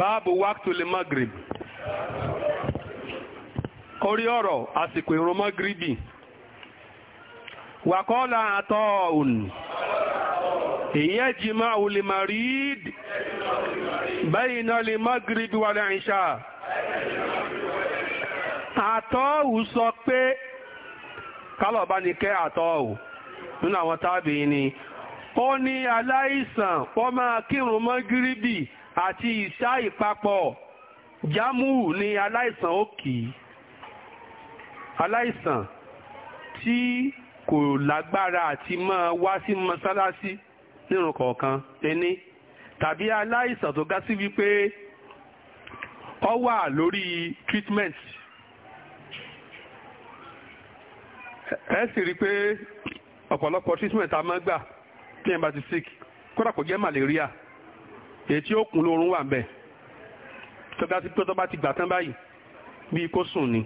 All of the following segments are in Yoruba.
báàbù wákìtòlè magrib orí ọ̀rọ̀ àsìkò ìrun magribi wàkọ́lá àtọ́ òun ìyẹ́ jimá olè marid báyìí náà lè magribi wà láìṣà àtọ́ òun sọ pé kálọ̀bá ni kẹ́ àtọ́ òun nínú àwọn tábìí ni ó ní aláìsàn ó máa kírun magribi àti ìṣá ìpapọ̀ jámù ni aláìsàn ó kì í aláìsàn tí kò lágbára àti máa wá sí mọ́sálásí nírun kọ̀ọ̀kan ẹni tàbí aláìsàn tó gá sí wípé ó wà lórí treatment ẹ sì rí i pé ọ̀pọ̀lọpọ̀ treatment a máa gbà tí ẹ bá ti sick kódà kò jẹ́ malaria èyí tí ó kún lóorun wà ń bẹ tọ́ba ti pé tọ́ba ti gbà tán báyìí bíi kó sùn ni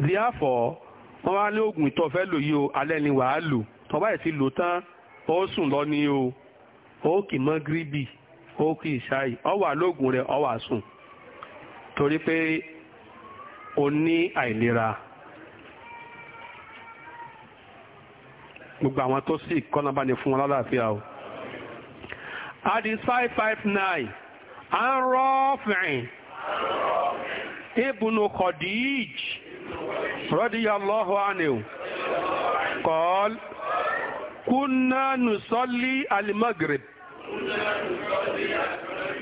therefore wọ́n wá ní oògùn ìtọ̀ fẹ́ lò yìí o alẹ́ ni wàá lò tọ́ba yìí ti lò tán ó sùn lọ ni o ó kì mọ́ gíríbì ó kì í ṣáì ọ wà lóògùn rẹ̀ ọ wà sùn torí pé o ní àìlera gbogbo àwọn tó sì kọ́nà bá ní fún wọn lálàáfíà o adi five five nine an Rafi' ibn Khadij radiyallahu anhu qal kunna nusalli al-maghrib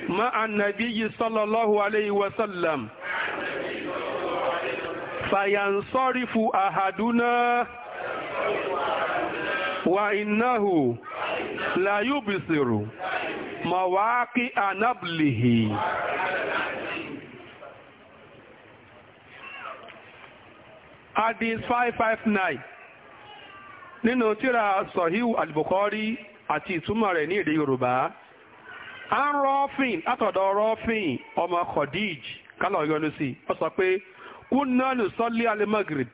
مع النبي صلى الله عليه وسلم فينصرف أحدنا وإنه láyúbìsìrò mọ̀wáákí anábìlìhì hadith 559 nínú tíra sọ̀híù àlìbùkọ́rí àti ìtumọ̀ rẹ̀ ní èdè Yoruba, a ń rọ́ọ̀fìn atodo rọ́ọ̀fìn ọmọ khadij kálọ̀ yọnu sí ọ sọ pe, kúnnánù sọ́lé alẹ́ magrib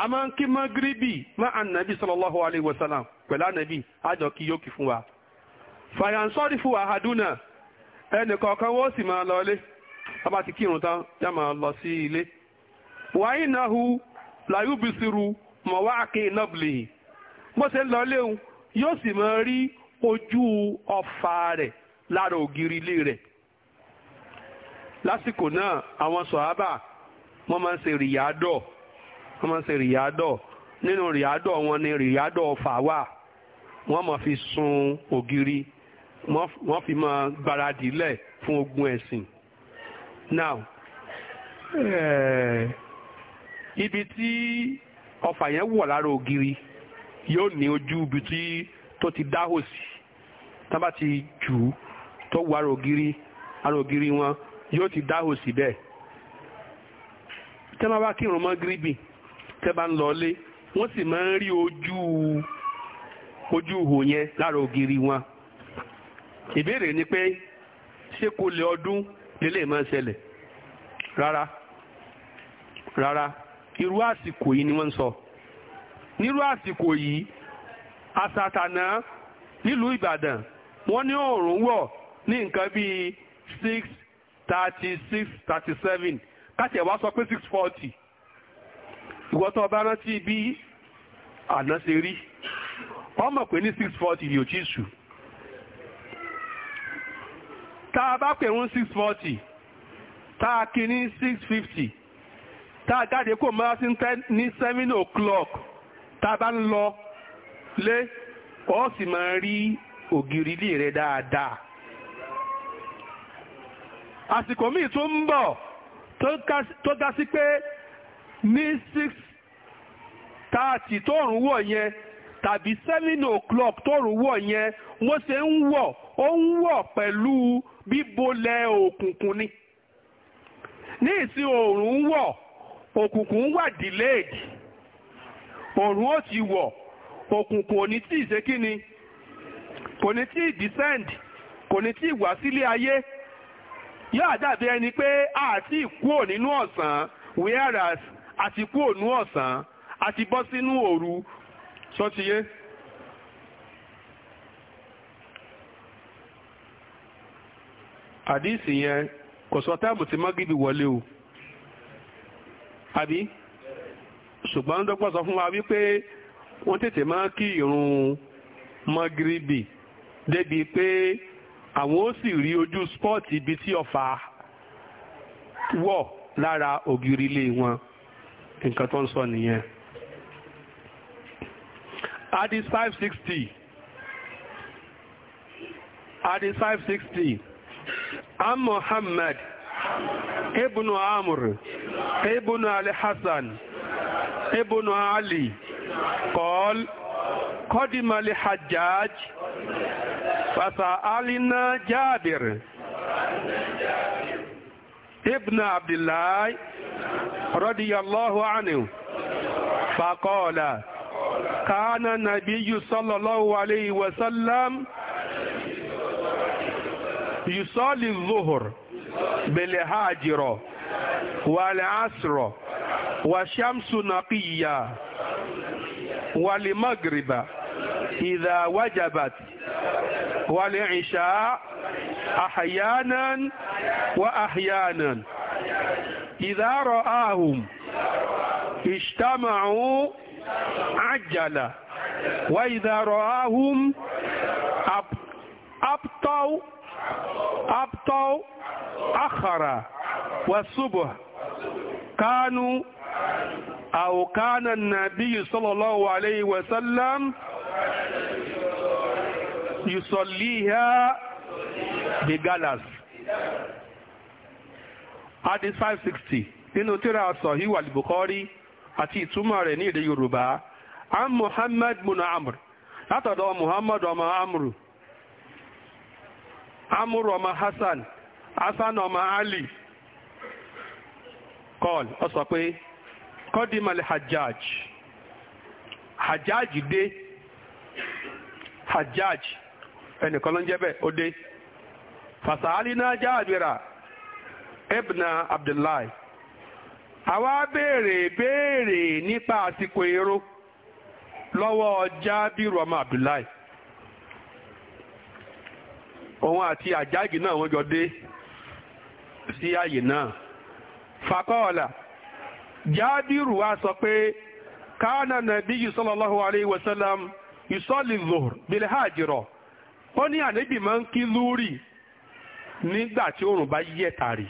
a máa ń ma magribi máa nàbí sallallahu alaihi wasallam pẹ̀lú ànàbì àjọ yóò kí fún wa fàyànsọ́rí fún wàhádùnà ẹnìkọ̀ọ̀kan wọ́n sì máa lọ ilé ọba ti kírun tán yá máa lọ sí ilé wàáyí náà hu làyúbìsirù mọ̀wá akin nọ́bìlì bó ṣe ń lọ léhun yóò sì máa rí ojú ọfà rẹ̀ lára ògiri ilé rẹ̀ lásìkò náà àwọn sọ̀hábà wọ́n máa ń ṣe rìyádọ̀ wọ́n máa ń wọn ni rìyádọ̀ ọfà wà. wọ́n máa fi sun ògiri wọ́n fi máa gbáradì lẹ̀ fún ogun ẹ̀sìn. now eh, ibi tí ọfà yẹn wọ̀ lára ògiri yóò ní ojú ibi tí tó ti dáhò sí tá bá ti jù ú tó wọ ara ògiri ara ògiri wọn yóò ti dáhò sí bẹ́ẹ̀ tẹ́ bá wá kírun mọ́ gíríbì tẹ́ bá ń lọ ilé wọ́n sì máa ń rí ojú ojú ihò yẹn lára ògiri wọn ìbéèrè ni pé ṣé ọdún lélẹ̀ máa ń ṣẹlẹ̀ rárá rárá irú àsìkò yìí ni wọ́n ń sọ nírú àsìkò yìí àsàtànà nílùú Ìbàdàn wọ́n ní òòrùn wọ̀ ní nǹkan bíi six thirty six sọ pé six forty ìwọ́tọ̀ ọba bí àná rí. ọmọ pé ní six forty yóò ti sùn tá a bá pèrún six forty tá a ní six fifty jáde kó máa sí ní seven o'clock tá a bá ń lọ lé ó sì máa rí ògiri ilé rẹ dáadáa àsìkò míì tó ń bọ̀ tó ga sí pé ní six thirty tóòrùn wọ̀ yẹn tàbí seven o'clock tóòrùn wọ̀ yẹn wọ́n ṣe ń wọ̀ ó ń wọ̀ pẹ̀lú bíbolẹ̀ òkùnkùn ni ní ìsìn òòrùn ń wọ̀ òkùnkùn ń wà delayed òòrùn ó ti wọ̀ òkùnkùn ò ní tí ì ṣe kí ni kò ní tí ì descend kò ní tí ì wá sílé ayé yóò dàbí ẹni pé àti ìkúò nínú ọ̀sán whereas àti kúò nínú ọ̀sán àti bọ́ sínú òru ṣó ti yé àdíìsì yẹn kò sọ táàbù tí mágídì wọlé o àbí ṣùgbọ́n dọ́gbọ́n sọ fún wa wípé wọ́n tètè máa kí irun mágíríbì débi pé àwọn ó sì rí ojú spọ́ọ̀tì ibi tí ọ̀fà wọ̀ lára ògiri ilé wọn nǹkan tó ń sọ nìyẹn. Hadith 560. Hadith 560. Am Muhammad ibn Amr ibn al-Hasan ibn Ali قال قدم الحجاج فسألنا جابر ابن عبد الله رضي الله عنه فقال كان النبي صلى الله عليه وسلم يصلي الظهر بالهاجر والعصر والشمس نقية والمغرب إذا وجبت والعشاء أحيانا وأحيانا إذا رآهم اجتمعوا عجل وإذا رآهم أبطوا أبطوا أخر والصبح كانوا أو كان النبي صلى الله عليه وسلم يصليها بجلس حديث 560 إنه ترى صحيح البخاري àti ìtumọ̀ rẹ̀ ní èdè yorùbá am muhammad bin amr látọ̀dọ̀ muhammad ọmọ amru amru ọmọ hassan hassan ọmọ ali Kọl ó sọ pé kọ́dímọ̀lẹ̀ hajjaj hajjaj dé hajjaj ẹnìkan ló ń jẹ́ bẹ́ẹ̀ ó dé fasalina jaabira ibna abdullahi àwa béèrè béèrè nípa àsìkò èrò lọ́wọ́ jábìrù ọmọ abdullahi òun àti àjáàgì náà wọ́n jọ dé sí àyè náà fakọ́ọ̀là jábìrù wa sọ pé káànà nàbí sallallahu alayhi wa sallam yusalli zuhr bilhajirọ̀ ó ní ànébì máa ń kí lúrì nígbà tí oòrùn bá yẹ̀ tàrí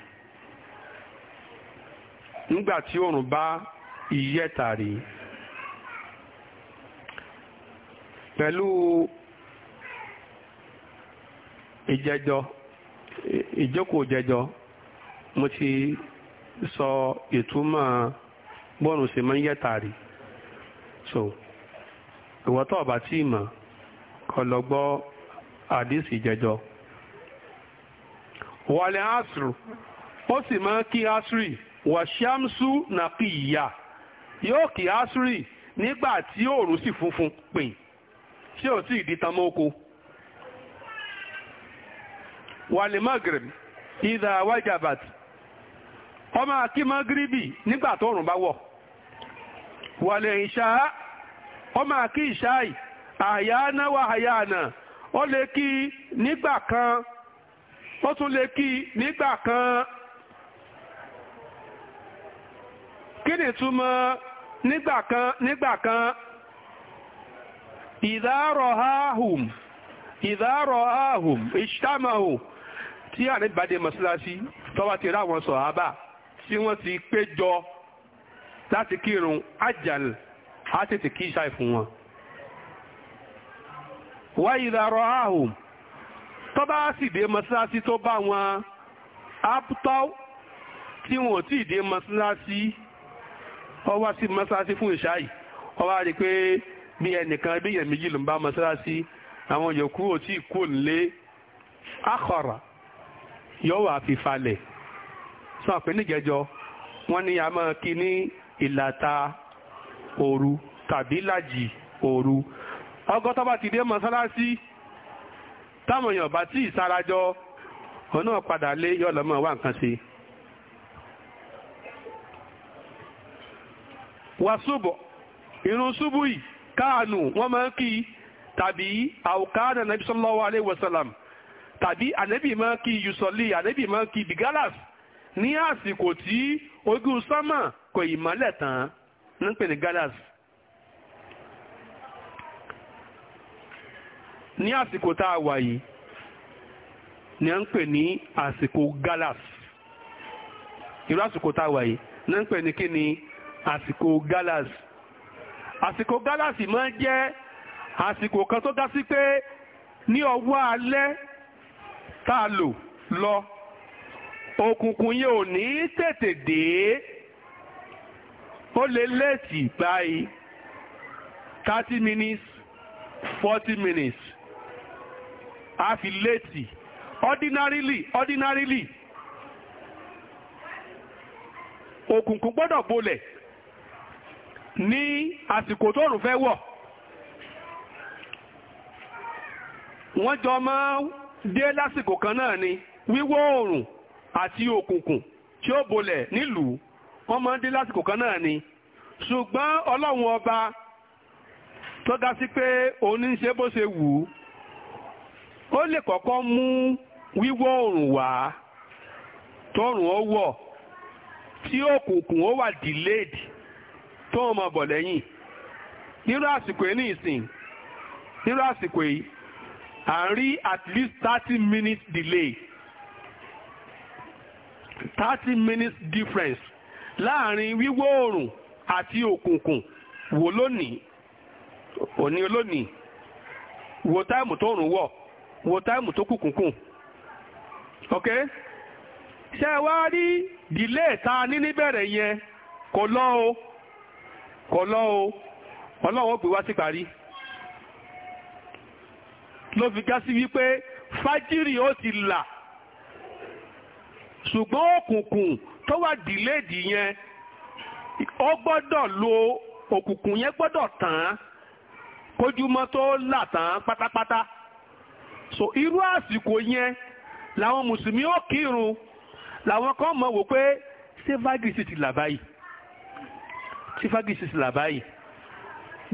nígbà tí oòrùn bá ìyẹ́ tàrí pẹ̀lú ìjẹjọ ìjókòó jẹjọ mo ti sọ ìtumọ̀ bọ́ọ̀rùn sí máa ń yẹ́ tàrí so ìwọ́tọ̀ ọ̀bà tí ìmọ̀ kọ lọ gbọ́ àdísì jẹjọ wọlé asru ó sì máa ń kí asri wàṣíámsù nàkìyà yóò kí asúrì nígbà tí òòrùn sì funfun pìn tí o tí ì di tamọ́ oko. wàlẹ̀ magreb ìdá wajabat ọmọ akí magrebi nígbà tó òòrùn bá wọ̀ wàlẹ̀ ìṣá ọmọ akí ìṣáì àyáná wà àyáná ó lè kí nígbà kan ó tún lè kí nígbà kan kí ni túmọ̀ nígbà kan nígbà kan ìdárọ̀ ahùn ìdárọ̀ ahùn ìṣàmàhùn tí àníbàdé mọ́sálásí tọ́wà ti ráwọn sọ̀hábà tí wọ́n ti péjọ láti kírun ajal á tètè kí ìṣáì fún wọn wá ìdárọ̀ ahùn tọ́ bá sì dé mọ́sálásí tó bá wọn ápútọ́ tí wọ́n ti dé mọ́sálásí ọ wá sí mọ́ṣáláṣí fún ìṣáì ọ wá rí i pé bí ẹnìkan bí èèyàn méjì ló ń bá mọ́ṣáláṣí àwọn yòókù ò tí ì kú nílé akọ̀rọ̀ yóò wà fi falẹ̀ sọ pé níjẹjọ wọ́n ní a máa kí ní ìlàta òru tàbí làjì òru ọgọ́tọ́ bá ti dé mọ́ṣáláṣí táwọn èèyàn bá tí ì sarajọ òun náà padà lé yọ lọ́mọ wá nǹkan ṣe. wàsúbọ̀ irun ṣubú yìí káànù wọ́n máa ń kí tàbí àwòkáàdà nàbí sallallahu alaihi wasallam tàbí ànẹ́bì máa ń kí yusọ̀lì ànẹ́bì máa ń kí bigalas ní àsìkò tí ojú sánmà kò ìmọ́lẹ̀ tán ní pè ní galas ní àsìkò tá a wà yìí ni a ń pè ní àsìkò galas irú àsìkò tá a wà yìí ni a ń pè ní kí ni àsìkò galas àsìkò galas máa ń jẹ́ àsìkò kan tó dá sí pé ní ọwọ́ alẹ́ tá a lò lọ òkùnkùn yẹn ò ní tètè dé ó lè lẹ́ẹ̀tì báyìí thirty minutes forty minutes a fi lẹ́ẹ̀tì ordinarily ordinarily òkùnkùn gbọ́dọ̀ bolẹ̀. ní àsìkò tó rùn fẹ́ wọ̀ wọ́n jọ máa dé lásìkò kan náà ni wíwọ̀ oòrùn àti òkùnkùn tí ó bolẹ̀ nílùú wọ́n máa dé lásìkò kan náà ni ṣùgbọ́n ọlọ́run ọba tó ga sí pé òun ní ṣe bó ṣe wù ú ó lè kọ́kọ́ mú wíwọ̀ oòrùn wá tọrùn ó wọ̀ tí òkùnkùn ó wà delayed tó ń mọ̀ bọ̀ lẹ́yìn nírú àsìkò yìí ní ìsìn nírú àsìkò yìí à ń rí at least thirty minutes delay thirty minutes difference láàrin wíwọ̀ oòrùn àti òkùnkùn wò lónìí òní olónìí wo táìmù tó rùn wọ̀ wo táìmù tó kùkùnkùn ok ṣé wá rí delay ta ní níbẹ̀rẹ̀ yẹn kò lọ o kò lọ o ọlọ́run ó gbé wá sí parí ló fi ká sí wípé fájírì ó ti là ṣùgbọ́n òkùnkùn tó wà dìléèdì yẹn ó gbọ́dọ̀ lo òkùnkùn yẹn gbọ́dọ̀ tán kójúmọ́ tó là tán pátápátá so irú àsìkò yẹn làwọn mùsùlùmí ó kírun làwọn kan mọ̀ wò pé ṣé fájírì sì ti là báyìí tí fagisi sì là báyìí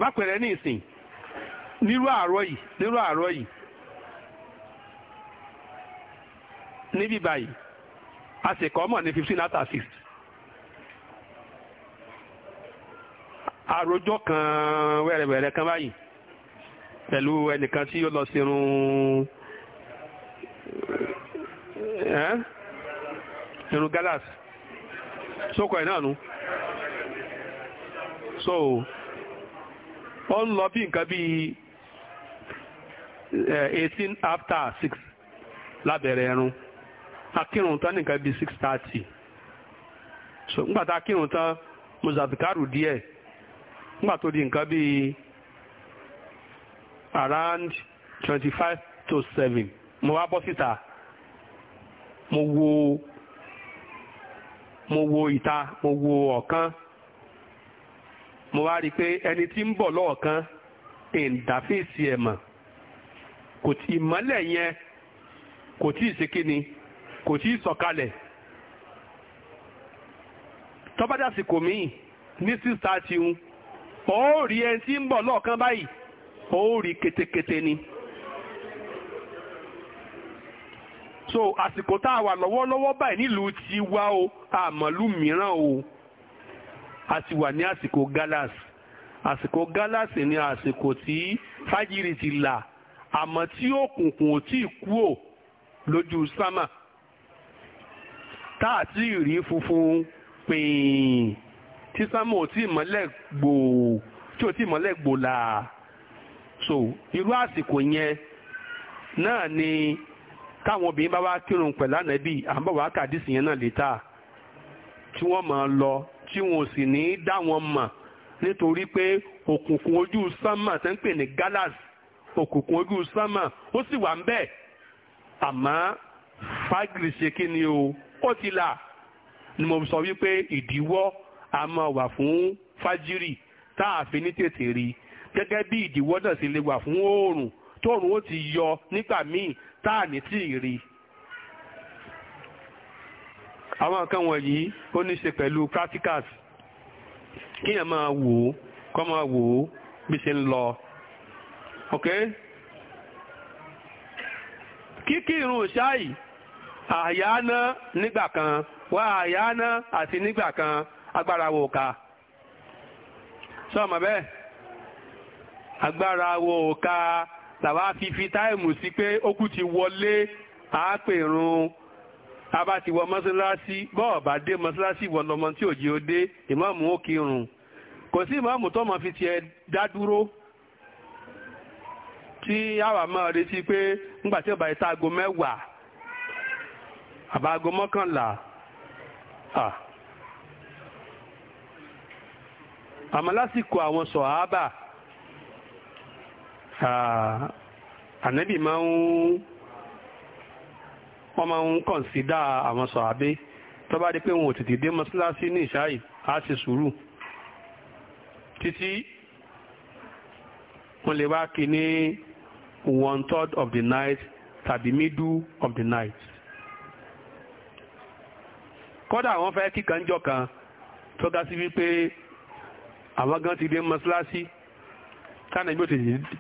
bápẹ̀rẹ̀ ní ìsìn nírú àárọ̀ yìí nírú àárọ̀ yìí níbí báyìí a sì kọ́ mọ̀ ní fifteen after six àròjọ kan wẹ́rẹ̀wẹ̀rẹ̀ kan báyìí pẹ̀lú ẹnìkan tí ó lọ sírun irun galas sókò ẹ̀ náà nu. so ó ń lọ bí nǹkan bíi eh, eighteen after six lábẹ̀rẹ̀ ẹ̀rùn akírun tán nìkan six thirty so ńgbà tá akírun tán mozambique díẹ̀ ńgbà tó di nǹkan around twenty five to seven mo wá bọ́ síta mo wo mo wo ìta mo wo ọ̀kan mo wá rí i pé ẹni tí ń bọ̀ lọ́ọ̀kan ìǹdàfíìsì ẹ̀ mọ̀ kò tí ìmọ́lẹ̀ yẹn kò tí ì ṣèkíni kò tí ì sọ̀kalẹ̀ tọ́bádàsíkò míì ní six thirty ń ó rí ẹni tí ń bọ̀ lọ́ọ̀kan báyìí ó rí ketekete ni. so àsìkò tá a wà lọ́wọ́lọ́wọ́ báyìí nílùú tiwa o àmọ́lú mìíràn o a ti wà ní àsìkò galas àsìkò galas ni àsìkò tí fájìrì ti là àmọ́ tí òkùnkùn ò tí ì kú ò lójú sámà tá a rí funfun pín tí sámà ò tí ì mọ́lẹ̀ tí ò tí ì mọ́lẹ̀ là so irú àsìkò yẹn náà ni táwọn obìnrin bá wá kírun pẹ̀lú ànábì àbọ̀wá kàdísì yẹn náà lè ta tí wọ́n máa lọ tí wọn ò sì ní dá wọn mọ̀ nítorí pé òkùnkùn ojú sánmà tó ń pè ní galas òkùnkùn ojú sánmà ó sì wà ń bẹ̀ àmọ́ fagiri ṣe kí ni o ó ti là ni mo sọ wípé ìdíwọ́ a máa wà fún fájírì tá a fi ní tètè rí gẹ́gẹ́ bí ìdíwọ́ náà sì lè wà fún oòrùn tóòrùn ó ti yọ nígbà míì tá a ní tí ì rí àwọn kan wọ̀nyí ó ní ṣe pẹ̀lú practicals kíyàn máa wò ó kọ́ máa wò ó bí ṣe ń lọ ok kíkí irun ṣáì àyáná nígbà kan wá àyáná àti nígbà kan agbára wò ká sọ́ọ̀mọ̀ bẹ́ẹ̀ agbára wò ká làwa fi fi táìmù sí pé ó kú ti wọlé àápèrún aba ti wọ mọ́ṣáláṣí bọ́ọ̀ bá dé mọ́ṣáláṣí wọ lọ́mọ tí òjì ó dé ìmáàmù ó kírun kò sí ìmáàmù tó mọ̀ fi tiẹ̀ dá dúró tí àwa máa retí pé ńgbà tí ọba ìta aago mẹ́wàá àbá aago mọ́kànlá àmọ́ lásìkò àwọn sọ̀hábà ànábì máa ń wọ́n máa ń kọ̀nsídà àwọn sọ̀hábé tó bá di pé wọn ò dé mọ́sálásí ní ìṣáì á ṣe sùúrù títí wọ́n lè wá kí ní one third of the night tàbí middle of the night kódà àwọn fẹ́ kíkan jọ kan tó ga sí wípé àwọn gan ti dé mọ́sálásí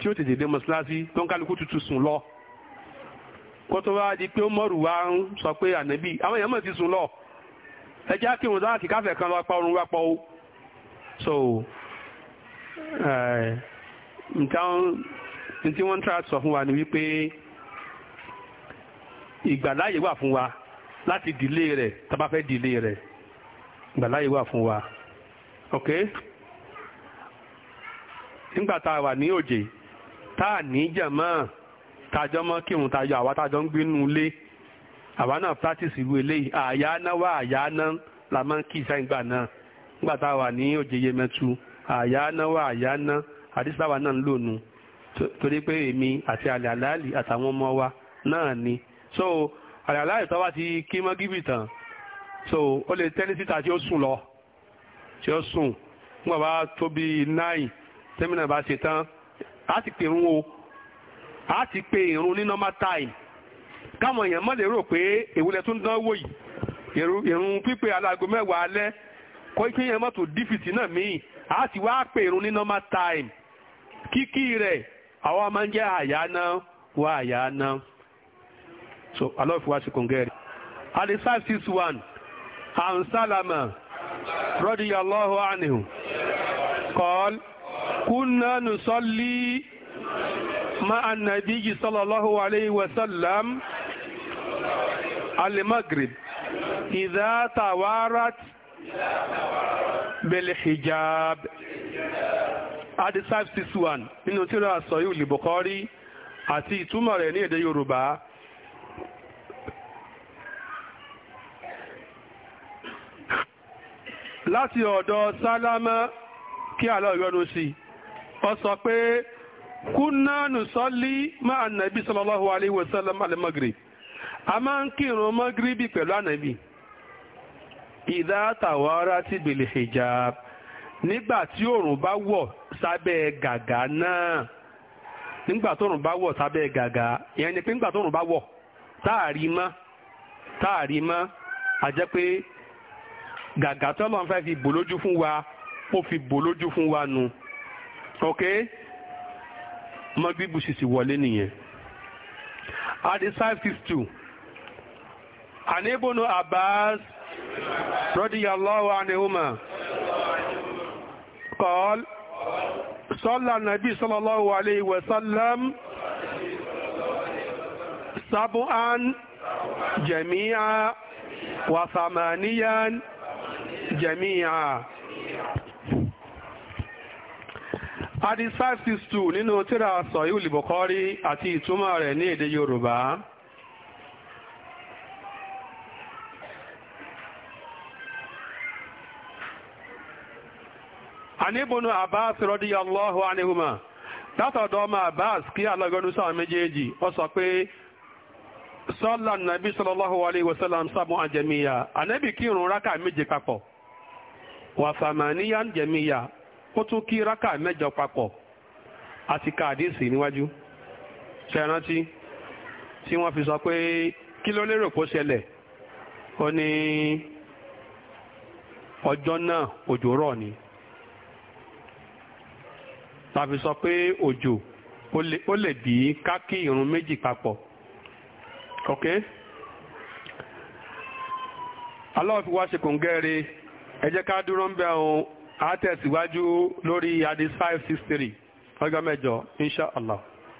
tí ó tètè dé mọ́sálásí tó ń kálukú tutù sùn lọ kó tó wá di pé ó mọ̀rù wá ń sọ pé ànábì àwọn èèyàn mọ̀ ti sùn lọ ẹ jẹ́ kí òun láti káfẹ̀ kan lọ pa orun wá pọ̀ o so ǹtí wọ́n tra sọ fún wa ni wípé ìgbàláyè wà fún wa láti dìlé rẹ̀ tá fẹ́ dìlé rẹ̀ ìgbàláyè wà fún wa ok nígbà wà ní òjè tá ní jàmáà tájọ́ mọ́ kírun tájọ́ àwa tájọ́ ń gbénú ilé àwa náà practice ìlú eléyìí àyà náà wá àyà náà la máa ń kí ìsáyìngbà náà nígbà tá a wà ní òjèyè mẹ́tu àyà náà wá àyà náà àdísáwà náà ń lò torí pé èmi àti àlẹ́ àlàálì àtàwọn ọmọ wa náà ni so àlẹ́ àlàálì tó wá ti kí mọ́ gíbì tán so ó lè tẹ́lẹ̀ síta tí ó sùn lọ tí ó sùn nígbà bá tó bíi náì bá ṣe tán á pè ń wo a ti pe irun ní normal time káwọn èèyàn mọ̀ rò pé èwúlẹ̀ tó ń dánwò yìí irun pípé aláàgọ́ mẹ́wàá alẹ́ kọ́ kí èèyàn mọ̀tò dífìtì náà míì a ti wá pe irun ní normal time kíkí rẹ̀ àwa máa ń jẹ́ àyà náà wá àyà náà so alọ́ọ̀fù wá sí kòǹgẹ́rì. alisa six one an salama rọ́díyàlọ́hu anhu kúnnánù sọ́lí. مع النبي صلى الله عليه وسلم المغرب إذا توارت بالحجاب Hadith 561 nínú tírà Sahih al-Bukhari àti ìtumọ̀ rẹ̀ ní èdè Yorùbá láti ọ̀dọ̀ Sálámà kí Allah yọ́nú sí ó sọ pé kúnná nùsọ́lí ma nàbí sallallahu alayhi wa sallam al-maghrib a máa ń kírun magribi pẹ̀lú ànàbí idha tawarati bil hijab nígbà tí òòrùn bá wọ̀ sábẹ́ gàgà náà nígbà tó òòrùn bá wọ̀ sábẹ́ gàgà ìyẹn ni pé nígbà tó òòrùn bá wọ̀ táàrí mọ́ táàrí mọ́ a jẹ́ pé gàgà tọ́lọ́ fẹ́ fi bò lójú fún wa ó fi bò lójú fún wa nu ok. mọ́gíríbù sì sì wọlé nìyẹn. Hadith five six two. Anibunu Abbas radiyallahu anhuma qala صلى النبي صلى الله عليه وسلم سبعا جميعا وثمانيا جميعا adi 562 nínú tíra sọ̀yí olùbọ̀kọ́rí àti ìtumọ̀ rẹ̀ ní èdè yorùbá anibunu abbas radiyallahu anihuma látọ̀dọ̀ ọmọ abbas kí alọ́gọ́nusá méjèèjì ó sọ pé sọ́lá nàbí sallallahu alaihi wasallam sábọn àjẹmíyà anẹ́bì kírun rákà méje papọ̀ wàsàmàníyàn jẹmíyà kó tún kí rákà mẹ́jọ papọ̀ àti kàdíìsì níwájú ṣẹrántí tí wọ́n fi sọ pé kí ló lérò kó ṣẹlẹ̀ ó ní ọjọ́ náà òjò rọ̀ ni tàbí sọ pé òjò ó lè bí kákí irun méjì papọ̀ ok Allah fi wá ṣe kòǹgẹ́rẹ́ ẹ jẹ́ ká dúró ń bẹ ohun a tẹ̀síwájú lórí hadith five six three ọjọ́ mẹ́jọ insha allah.